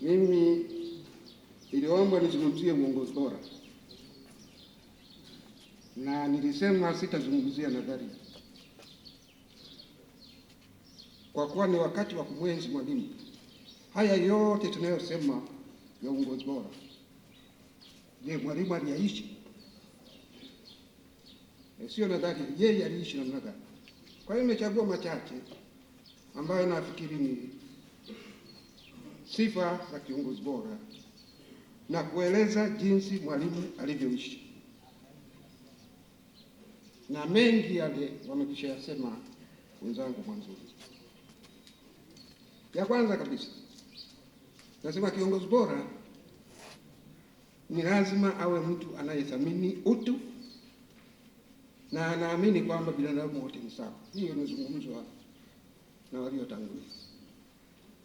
mimi niliomba nizungumzie uongozi bora, na nilisema sitazungumzia nadharia kwa kuwa ni wakati wa kumwenzi Mwalimu. Haya yote tunayosema ya uongozi bora, je, Mwalimu aliyaishi? E, sio nadharia. Yeye aliishi namna gani? Kwa hiyo nimechagua machache ambayo nafikiri ni sifa za kiongozi bora na kueleza jinsi Mwalimu alivyoishi na mengi yale wamekisha yasema wenzangu mwanzoni. Ya kwanza kabisa nasema kiongozi bora ni lazima awe mtu anayethamini utu na anaamini kwamba binadamu wote ni sawa. Hiyo imezungumzwa na waliotangulia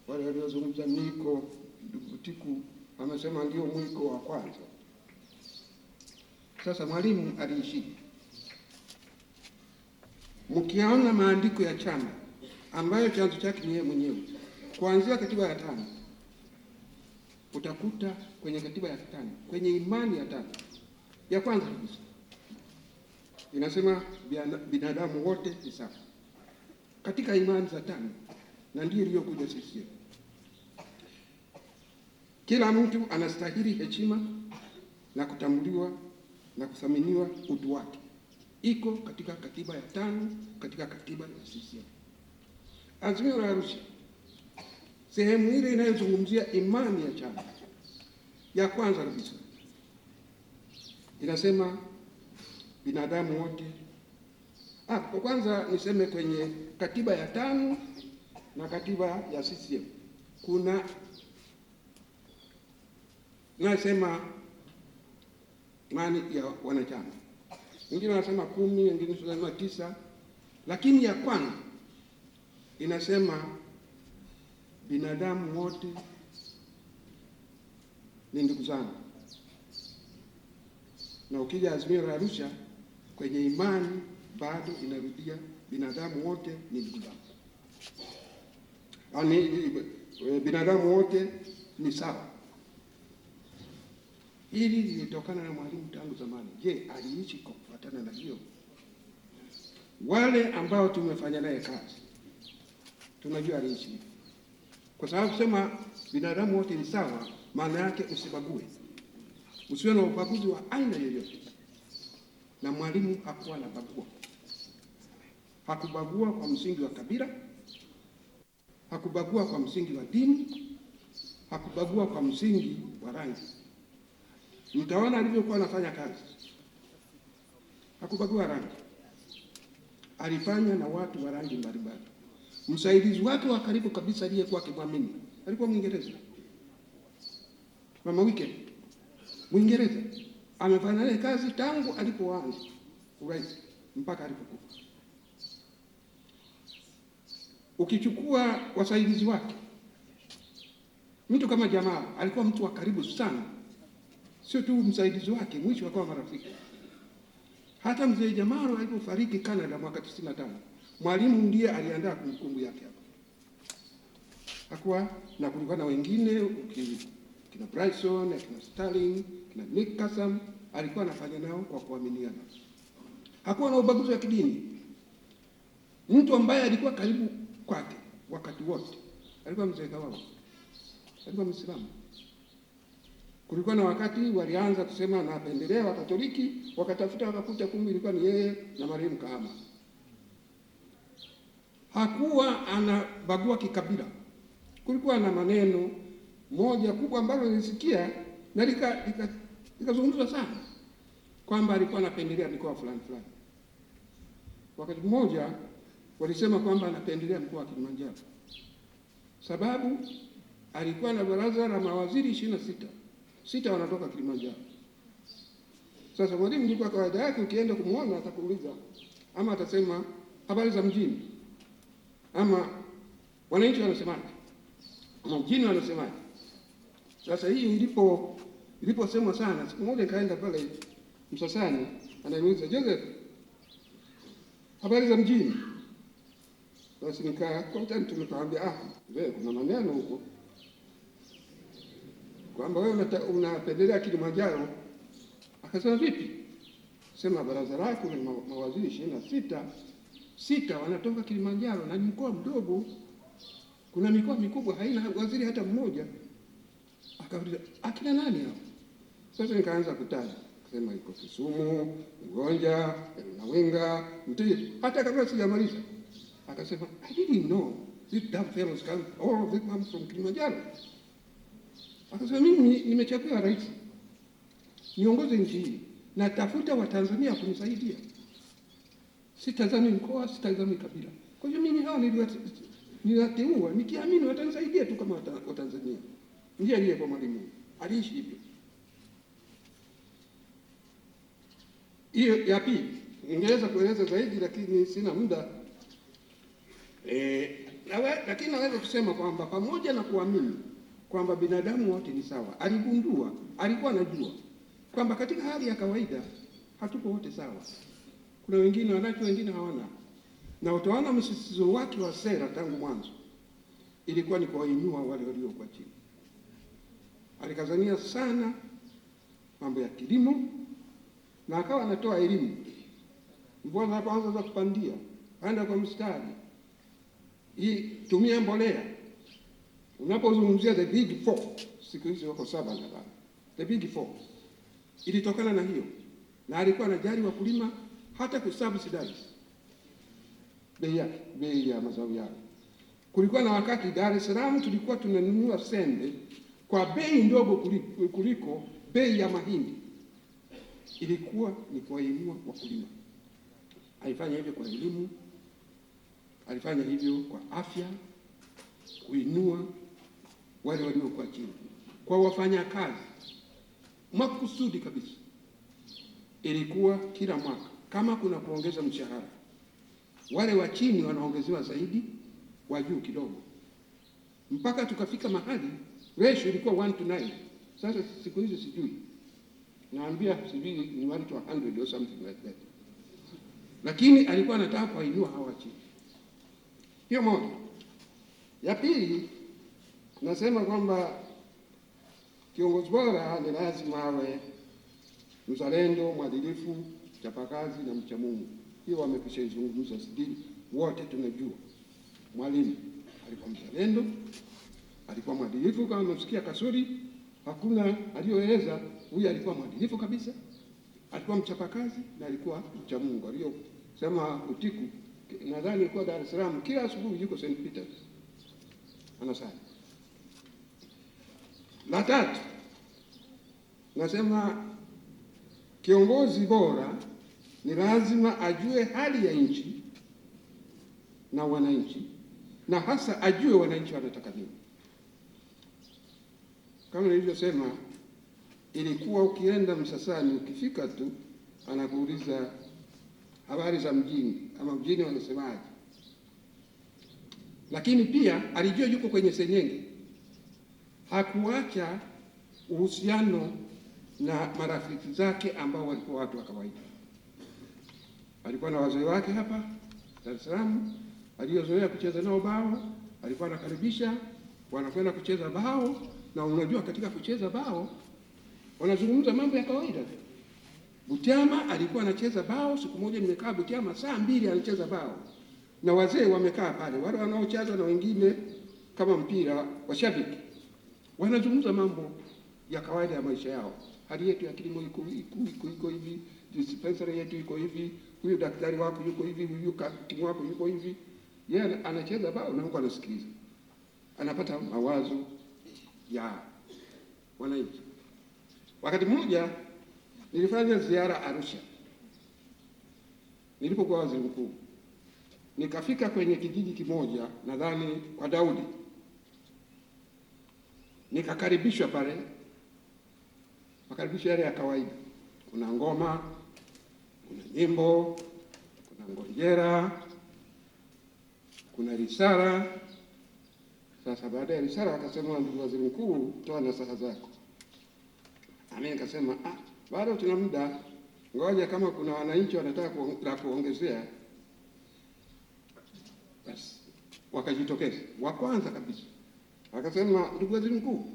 wale waliozungumza niko dukutiku Tiku amesema ndio mwiko wa kwanza. Sasa mwalimu aliishia, mkiaona maandiko ya chama ambayo chanzo chake ni yeye mwenyewe kuanzia katiba ya tano, utakuta kwenye katiba ya tano, kwenye imani ya tano ya kwanza kabisa inasema binadamu wote ni sawa katika imani za tano na ndiyo iliyokuja siku Kila mtu anastahili heshima na kutambuliwa na kuthaminiwa utu wake, iko katika katiba ya tano katika katiba ya sisi. Azimio la Arusha sehemu ile inayozungumzia imani ya chama ya kwanza kabisa inasema binadamu wote. Ah, kwa kwanza niseme kwenye katiba ya tano na katiba ya CCM kuna nasema nani ya wanachama, wengine wanasema kumi, wengine wanasema tisa, lakini ya kwanza inasema binadamu wote ni ndugu zangu. Na ukija azimio la Arusha kwenye imani bado inarudia binadamu wote ni ndugu zangu ani eh, binadamu wote ni sawa. Hili lilitokana na Mwalimu tangu zamani. Je, aliishi kwa kufuatana na hiyo? Wale ambao tumefanya naye kazi tunajua aliishi kwa sababu sema binadamu wote ni sawa, maana yake usibague, usiwe na ubaguzi wa aina yoyote. Na Mwalimu hakuwa na bagua, hakubagua kwa msingi wa kabila hakubagua kwa msingi wa dini, hakubagua kwa msingi wa rangi. Mtaona alivyokuwa anafanya kazi, hakubagua rangi, alifanya na watu wa rangi mbalimbali. Msaidizi wake wa karibu kabisa aliyekuwa akimwamini alikuwa Mwingereza, Mama Wike, Mwingereza amefanya naye kazi tangu alipoanza urais mpaka alipokufa. Ukichukua wasaidizi wake, mtu kama Jamaa alikuwa mtu wa karibu sana, sio tu msaidizi wake, mwisho akawa marafiki. Hata mzee Jamaro alipofariki Canada mwaka 95 Mwalimu ndiye aliandaa kumbukumbu yake hapo, hakuwa na kulikuwa na wengine kina Bryson, kina Sterling, kina Nick Kasam, alikuwa anafanya nao kwa kuaminiana. Hakuwa na ubaguzi wa kidini. Mtu ambaye alikuwa karibu kwake wakati wote. Alikuwa mzee kawao, alikuwa Mwislamu. Kulikuwa na wakati walianza kusema napendelea Wakatoliki, wakatafuta wakakuta, kumbe ilikuwa ni yeye na marehemu Kahama. Hakuwa anabagua kikabila. Kulikuwa na maneno moja kubwa ambalo nilisikia na likazungumzwa sana kwamba alikuwa anapendelea mikoa fulani fulani. Wakati mmoja walisema kwamba anapendelea mkoa wa Kilimanjaro, sababu alikuwa na baraza la mawaziri ishirini na sita, sita wanatoka Kilimanjaro. Sasa mwalimu ndio kwa kawaida yake ukienda kumwona atakuuliza ama atasema habari za mjini, ama wananchi wanasemaje, ama mjini wanasemaje. Sasa hii ilipo iliposemwa sana, siku moja kaenda pale Msasani, ananiuliza Joseph, habari za mjini basi nikaa content, nikamwambia ah, wewe kuna maneno huko kwamba wewe unapendelea Kilimanjaro. Akasema vipi? Sema baraza lako ni mawaziri ishirini na sita, sita wanatoka Kilimanjaro na ni mkoa mdogo. Kuna mikoa mikubwa haina waziri hata mmoja. Akauliza akina nani hao? Sasa nikaanza kutaja, akasema iko Kisumu, Ugonja, Mnawinga, Mtiji, hata kabla sijamaliza Akasema, I didn't know this damn fellow's come, all of them comes from Kilimanjaro. Akasema, mimi nimechaguliwa rais niongoze nchi hii, natafuta Watanzania kunisaidia, sitazami mkoa, sitazami kabila. Kwa hiyo mimi hawa niliwateua nikiamini watanisaidia tu kama Watanzania. Njia ile kwa Mwalimu aliishi hivyo. Hiyo ya pili ningeweza kueleza zaidi, lakini sina muda. E, lakini naweza kusema kwamba pamoja na kuamini kwamba binadamu wote ni sawa, aligundua, alikuwa anajua kwamba katika hali ya kawaida hatuko wote sawa. Kuna wengine wanacho, wengine hawana, na utaona msisitizo wake wa sera tangu mwanzo ilikuwa ni kuwainua wale walio kwa chini. Alikazania sana mambo ya kilimo na akawa anatoa elimu, mbona kwanza za kupandia aenda kwa mstari tumia mbolea. Unapozungumzia the big four, siku hizi wako saba nadhani, the big four ilitokana na hiyo, na alikuwa anajali wakulima hata kusubsidize bei yake, bei ya mazao yao. Kulikuwa na wakati Dar es Salaam tulikuwa tunanunua sembe kwa bei ndogo kuliko, kuliko bei ya mahindi. Ilikuwa ni kuwainua wakulima. Alifanya hivyo kwa elimu Alifanya hivyo kwa afya, kuinua wale waliokuwa chini, kwa wafanyakazi makusudi kabisa. Ilikuwa kila mwaka kama kuna kuongeza mshahara, wale wa chini wanaongezewa zaidi, wa juu kidogo, mpaka tukafika mahali ratio ilikuwa 1 to 9. Sasa siku hizi sijui, naambia sijui ni 1 to 100 or something like that, lakini alikuwa anataka kuwainua hawa chini hiyo moja. Ya pili, tunasema kwamba kiongozi bora ni lazima awe mzalendo, mwadilifu, mchapakazi na mcha Mungu. Hiyo wamekwisha izungumza sidini, wote tunajua. Mwalimu alikuwa mzalendo, alikuwa mwadilifu. Kama mnasikia kasuri, hakuna aliyoweza. Huyu alikuwa mwadilifu kabisa, alikuwa mchapakazi na alikuwa mcha Mungu aliyosema Utiku nadhani kwa Dar es Salaam, kila asubuhi yuko St Peters anasali. La tatu nasema kiongozi bora ni lazima ajue hali ya nchi na wananchi, na hasa ajue wananchi wanataka nini. Kama nilivyosema, ilikuwa ukienda Msasani ukifika tu anakuuliza habari za mjini ama mjini wanasemaje, lakini pia alijua yuko kwenye senyenge. Hakuacha uhusiano na marafiki zake ambao walikuwa watu wa kawaida. Alikuwa na wazee wake hapa Dar es Salaam aliyozoea kucheza nao bao, alikuwa anakaribisha, wanakwenda kucheza bao, na unajua katika kucheza bao wanazungumza mambo ya kawaida Butiama alikuwa anacheza bao. Siku moja nimekaa Butiama saa mbili anacheza bao, na wazee wamekaa pale, wale wanaocheza na wengine kama mpira, washabiki wanazungumza mambo ya kawaida ya maisha yao. Hali yetu ya kilimo iko iko iko hivi, dispensary yetu iko hivi, huyu daktari wako yuko hivi, huyu timu wako yuko hivi. Yeye yeah, anacheza bao na huko anasikiliza, anapata mawazo ya wananchi. Wakati mmoja Nilifanya ziara Arusha nilipokuwa waziri mkuu, nikafika kwenye kijiji kimoja, nadhani kwa Daudi, nikakaribishwa pale, makaribisho yale ya kawaida, kuna ngoma, kuna nyimbo, kuna ngonjera, kuna risala. Sasa baada ya risala, akasema ndugu waziri mkuu, toa nasaha zako. Nami nikasema ah bado tuna muda, ngoja kama kuna wananchi wanataka la kuongezea basi wakajitokeza. Wa kwanza kabisa akasema, ndugu waziri mkuu,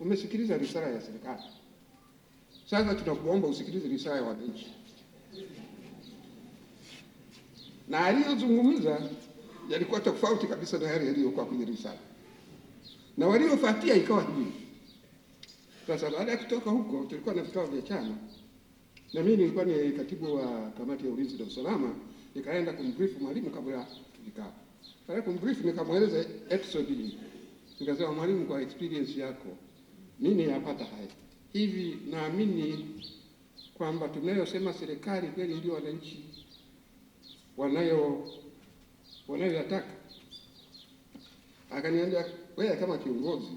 umesikiliza risala ya serikali, sasa tunakuomba usikilize risala ya wananchi. Na aliyozungumza yalikuwa tofauti kabisa na yale yaliyokuwa kwenye risala, na waliofuatia ikawa hivi sasa baada ya kutoka huko, tulikuwa na vikao vya chama, na mimi nilikuwa ni katibu wa kamati ya ulinzi na usalama. Nikaenda kumbrief mwalimu kabla vikao, baada kumbrief nikamweleza episode hii, nikasema mwalimu, kwa experience yako nini yapata haya hivi, naamini kwamba tunayosema serikali kweli ndio wananchi wanayo wanayoyataka. Akaniambia wewe kama kiongozi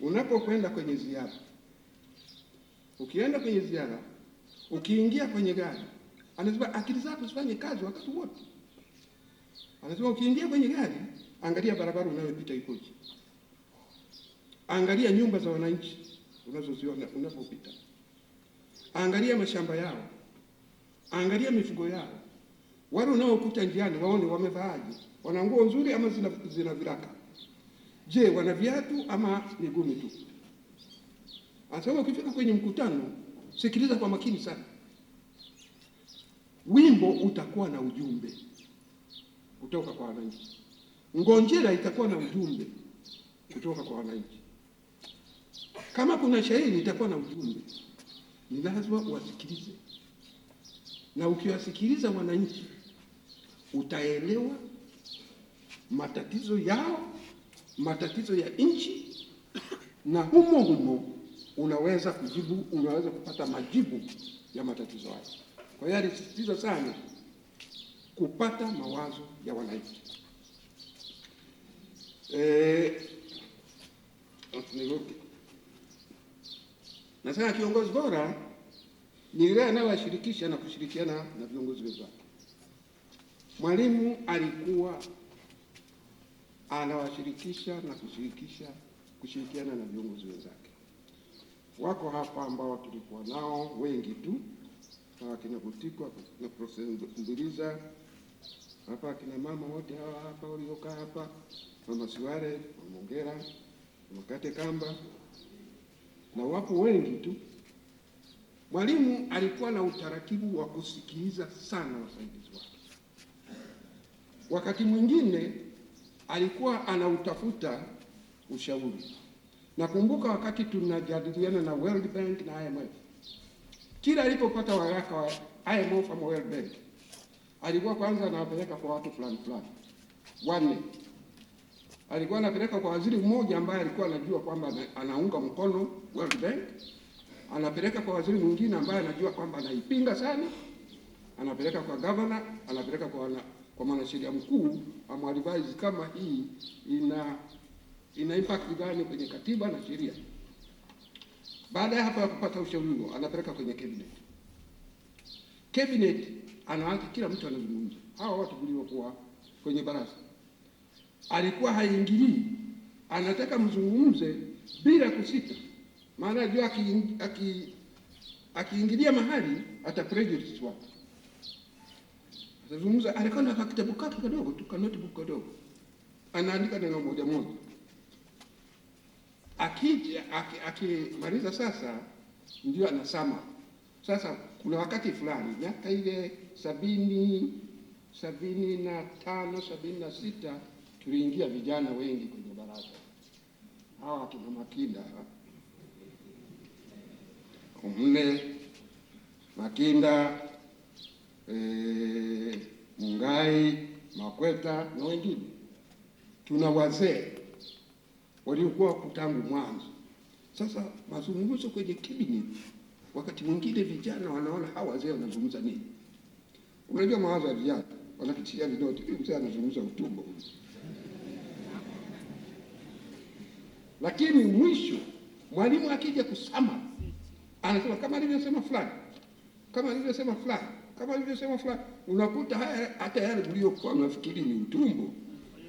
unapokwenda kwenye ziara, ukienda kwenye ziara, ukiingia kwenye gari, anasema akili zako zifanye kazi wakati wote. Anasema ukiingia kwenye gari, angalia barabara unayopita ikoje, angalia nyumba za wananchi unazoziona unapopita, angalia mashamba yao, angalia mifugo yao, wale unaokuta njiani, waone wamevaaje, wana nguo nzuri ama zina, zina viraka Je, wana viatu ama miguu mitupu? Anasema ukifika kwenye mkutano, sikiliza kwa makini sana. Wimbo utakuwa na ujumbe kutoka kwa wananchi, ngonjera itakuwa na ujumbe kutoka kwa wananchi, kama kuna shairi itakuwa na ujumbe. Ni lazima uwasikilize, na ukiwasikiliza wananchi utaelewa matatizo yao matatizo ya nchi, na humo humo unaweza kujibu, unaweza kupata majibu ya matatizo hayo. Kwa hiyo alisisitiza sana kupata mawazo ya wananchi. E, nasema kiongozi bora ni yule anayewashirikisha na kushirikiana na viongozi wenzake. Mwalimu alikuwa anawashirikisha na kushirikisha kushirikiana na viongozi wenzake. Wako hapa ambao tulikuwa nao wengi tu, hawa kina Butikwa na Profesa Mbiliza hapa, akina mama wote hawa hapa waliokaa hapa, mama Siware, mama Ongera, mama Kate Kamba na wapo wengi tu. Mwalimu alikuwa na utaratibu wa kusikiliza sana wasaidizi wake, wakati mwingine alikuwa anautafuta ushauri. Nakumbuka wakati tunajadiliana na World Bank na IMF, kila alipopata waraka wa IMF ama World Bank alikuwa kwanza anapeleka kwa watu fulani fulani wanne. Alikuwa anapeleka kwa waziri mmoja ambaye alikuwa anajua kwamba anaunga mkono World Bank, anapeleka kwa waziri mwingine ambaye anajua kwamba anaipinga sana, anapeleka kwa governor, anapeleka kwa kwa sheria mkuu amwadvise kama hii ina ina impact gani kwenye katiba na sheria. Baada ya hapo ya kupata ushauri huo, anapeleka kwenye cabinet. Cabinet anaanza kila mtu anazungumza. Hawa watu waliokuwa kwenye baraza alikuwa haingilii, anataka mzungumze bila kusita, maana jua akiingilia aki, aki mahali ata prejudice watu zungumza, alikuwa na kitabu kake kadogo tu, kanotebook kadogo, anaandika neno moja moja. Akija akimaliza sasa ndio anasama sasa. Kuna wakati fulani miaka ile sabini sabini na tano sabini na sita tuliingia vijana wengi kwenye baraza, hawa akina Makinda Mne Makinda eh, Mungai, Makweta na wengine. Tuna wazee waliokuwa kutangu mwanzo. Sasa mazungumzo kwenye kibineti, wakati mwingine vijana wanaona hawa wazee wanazungumza nini. Unajua mawazo ya vijana, wanakitia vinoti, mzee anazungumza utumbo. Lakini mwisho mwalimu akija kusama anasema kama alivyosema fulani, kama alivyosema fulani kama alivyosema fulani, unakuta haya hata yale mliokuwa mnafikiri ni utumbo,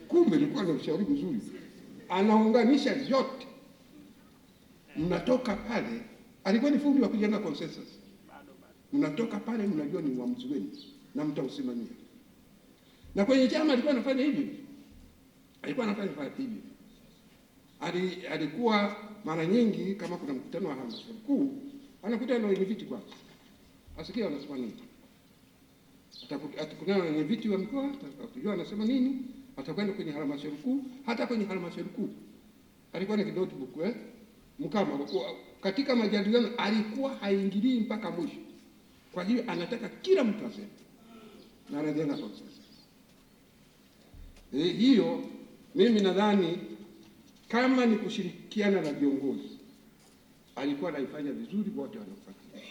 kumbe ilikuwa na ushauri mzuri. Anaunganisha yote, mnatoka pale. Alikuwa ni fundi wa kujenga consensus. Mnatoka pale, mnajua ni uamuzi wenu na mtausimamia. Na kwenye chama alikuwa anafanya hivi, alikuwa anafanya hivi. Ali, alikuwa mara nyingi kama kuna mkutano wa halmashauri kuu anakutana na wenyeviti kwanza asikia wanasema nini atakutana na wenyeviti wa mkoa, atakujua anasema nini, atakwenda kwenye halmashauri kuu. Hata kwenye halmashauri kuu alikuwa na notebook eh, Mkama katika majadiliano alikuwa haingilii mpaka mwisho. Kwa hiyo anataka kila mtu aseme, na sasa e, eh, hiyo mimi nadhani kama ni kushirikiana na viongozi alikuwa anaifanya vizuri, wote wanaofuatilia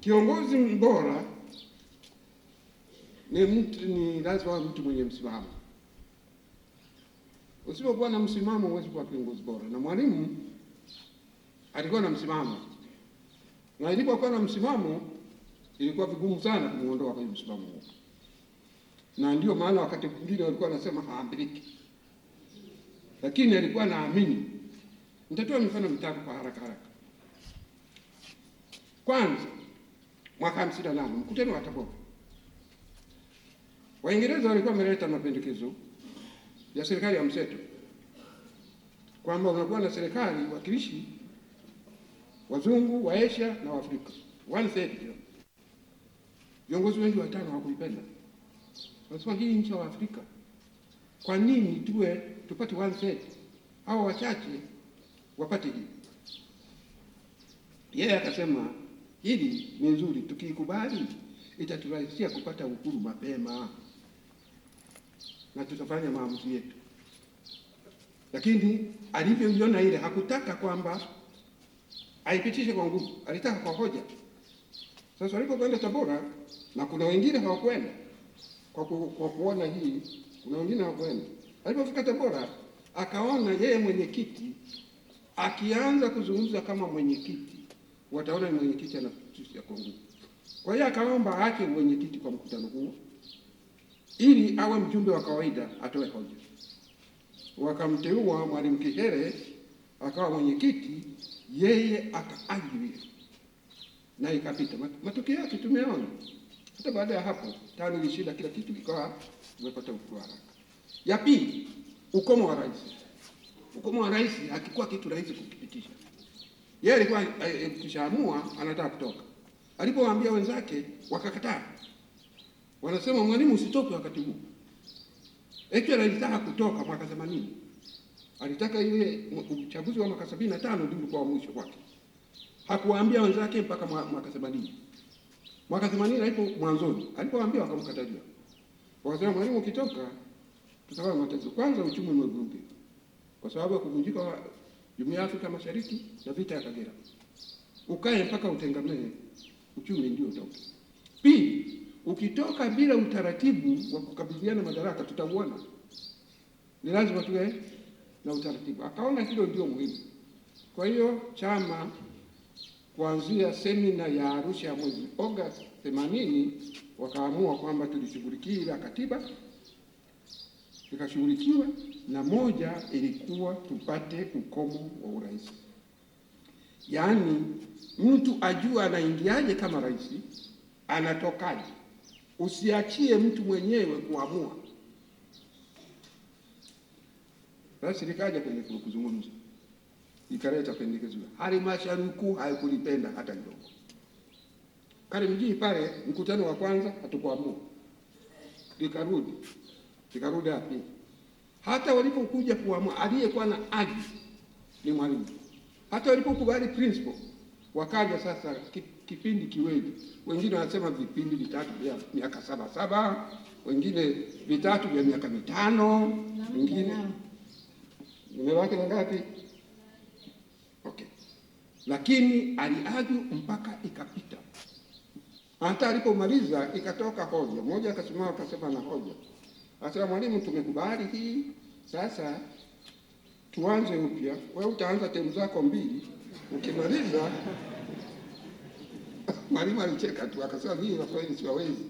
kiongozi mbora ni mtu ni lazima awe mtu mwenye msimamo. Usipokuwa na msimamo, huwezi kuwa kiongozi bora. Na Mwalimu alikuwa na msimamo, na ilipokuwa na msimamo, ilikuwa vigumu sana kumuondoa kwenye msimamo huo, na ndio maana wakati mwingine walikuwa wanasema haambiliki, lakini alikuwa naamini. Nitatoa mifano mitatu kwa haraka haraka. Kwanza, mwaka hamsini na nane mkutano wa Tabora Waingereza walikuwa wameleta mapendekezo ya serikali ya mseto kwamba unakuwa na serikali wakilishi wazungu, wa asia na waafrika one third. Viongozi wengi watano hawakuipenda, wanasema hii nchi ya Waafrika, kwa nini tuwe tupate one third, hawa wachache wapate hii? Yeye akasema hili ni nzuri, tukiikubali itaturahisia kupata uhuru mapema na tutafanya maamuzi yetu. Lakini alivyoiona ile, hakutaka kwamba aipitishe kwa nguvu, alitaka kwa hoja. Sasa walipokwenda Tabora, na kuna wengine hawakwenda kwa, ku, kwa kuona hii, kuna wengine hawakwenda. Alipofika Tabora akaona yeye mwenyekiti akianza kuzungumza kama mwenyekiti, wataona ni mwenyekiti anapitisha kwa nguvu. Kwa hiyo akaomba aache mwenyekiti kwa mkutano huo ili awe mjumbe wa kawaida atoe hoja. Wakamteua Mwalimu Kihere akawa mwenyekiti, yeye akaajiriwa na ikapita. Matokeo yake tumeona hata baada ya hapo TANU ilishinda kila kitu, ikawa imepata ukubwa haraka. Ya pili, ukomo wa rais. Ukomo wa rais hakikuwa kitu rahisi kukipitisha. Yeye alikuwa eh, eh, kishaamua anataka kutoka, alipowaambia wenzake wakakataa wanasema mwalimu usitoke wakati huu. Echel alitaka kutoka mwaka 80. Alitaka ile uchaguzi wa mwaka sabini na tano ndio ulikuwa mwisho kwake. Hakuwaambia wenzake mpaka mwaka 80. Mwaka 80 alipo mwanzoni, alipowaambia wakamkatalia. Wakasema mwalimu ukitoka tutakuwa matatizo. Kwanza uchumi umegeuka. Kwa sababu ya kuvunjika wa Jumuiya ya Afrika Mashariki na vita ya Kagera. Ukae mpaka utengamane uchumi ndio utauka. Pili, Ukitoka bila utaratibu wa kukabidhiana madaraka, tutauona Ni lazima tuwe na utaratibu. Akaona hilo ndio muhimu. Kwa hiyo chama kuanzia semina ya Arusha ya mwezi Agosti 80 wakaamua kwamba tulishughulikia ile katiba ikashughulikiwa, na moja ilikuwa tupate ukomo wa urais, yaani mtu ajua anaingiaje kama rais, anatokaje. Usiachie mtu mwenyewe kuamua. Basi nikaja kwenye kuzungumza, nikaleta pendekezo, halmashauri kuu haikulipenda hata kidogo. Karimjee pale mkutano wa kwanza hatukuamua, nikarudi nikarudi api. Hata walipokuja kuamua, aliyekuwa na adi ni mwalimu. Hata walipokubali principal, wakaja sasa kitu kipindi kiwili, wengine wanasema vipindi vitatu vya miaka saba saba, wengine vitatu vya miaka mitano, wengine nimebaki na ngapi? Okay, lakini aliaju mpaka ikapita. Hata alipomaliza ikatoka hoja moja, akasimama akasema na hoja akasema mwalimu, tumekubali hii sasa tuanze upya. Wewe utaanza temu zako mbili, ukimaliza Mwalimu alicheka tu akasema, mimi Waswahili siwawezi,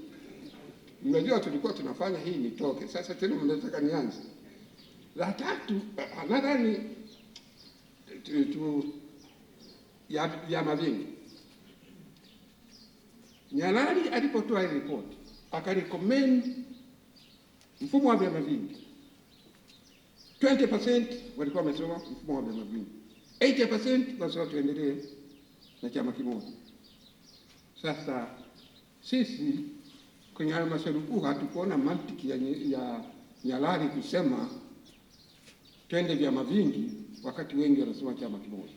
mnajua tulikuwa tunafanya hii nitoke, sasa tena mnataka nianze. La tatu eh, nadhani ya vyama vingi. Nyalali alipotoa hii akarecommend mfumo wa vyama vingi. 20% walikuwa wamesoma mfumo wa vyama vingi, 80% basi tuendelee na chama kimoja. Sasa sisi kwenye halmashauri kuu hatukuona mantiki ya, ya Nyalali kusema twende vyama vingi wakati wengi wanasema chama kimoja.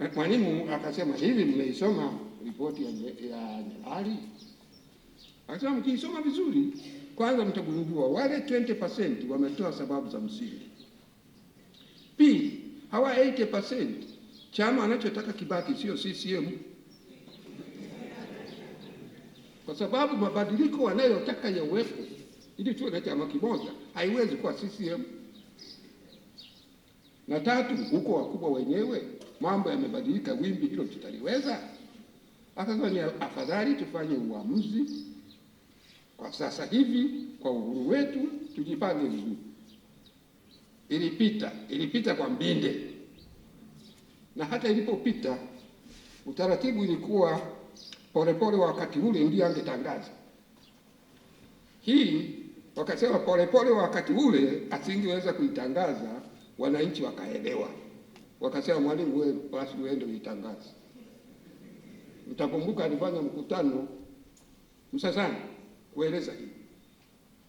Eh, mwalimu akasema hivi, mmeisoma ripoti ya, ya Nyalali? Akasema mkiisoma vizuri kwanza mtagundua wale 20% wametoa sababu za msingi. Pili, hawa 80% chama anachotaka kibaki sio CCM kwa sababu mabadiliko wanayotaka yawepo ili tuwe na chama kimoja, haiwezi kuwa CCM. Na tatu, huko wakubwa wenyewe mambo yamebadilika, wimbi hilo tutaliweza? Akasema ni afadhali tufanye uamuzi kwa sasa hivi, kwa uhuru wetu, tujipange vizuri. Ilipita, ilipita kwa mbinde, na hata ilipopita utaratibu ilikuwa Polepole wa wakati ule ndio angetangaza hii. Wakasema Polepole wa wakati ule asingeweza kuitangaza, wananchi wakaelewa, wakasema Mwalimu wewe basi uende uitangaze. Mtakumbuka alifanya mkutano Msasani kueleza hii.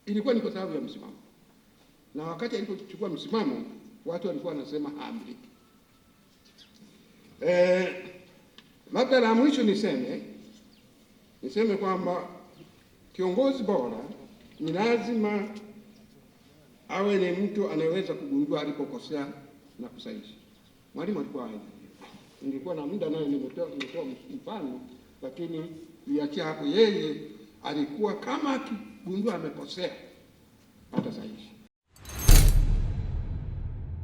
Ilikuwa ni kwa sababu ya msimamo, na wakati alipochukua msimamo watu walikuwa wanasema haamriki. Eh, labda la mwisho niseme niseme kwamba kiongozi bora ni lazima awe ni mtu anayeweza kugundua alipokosea na kusahihisha. Mwalimu alikuwa aje? Ningekuwa na muda naye, nimetoa nimetoa mfano, lakini niachie hapo. Yeye alikuwa kama akigundua amekosea atasahihisha.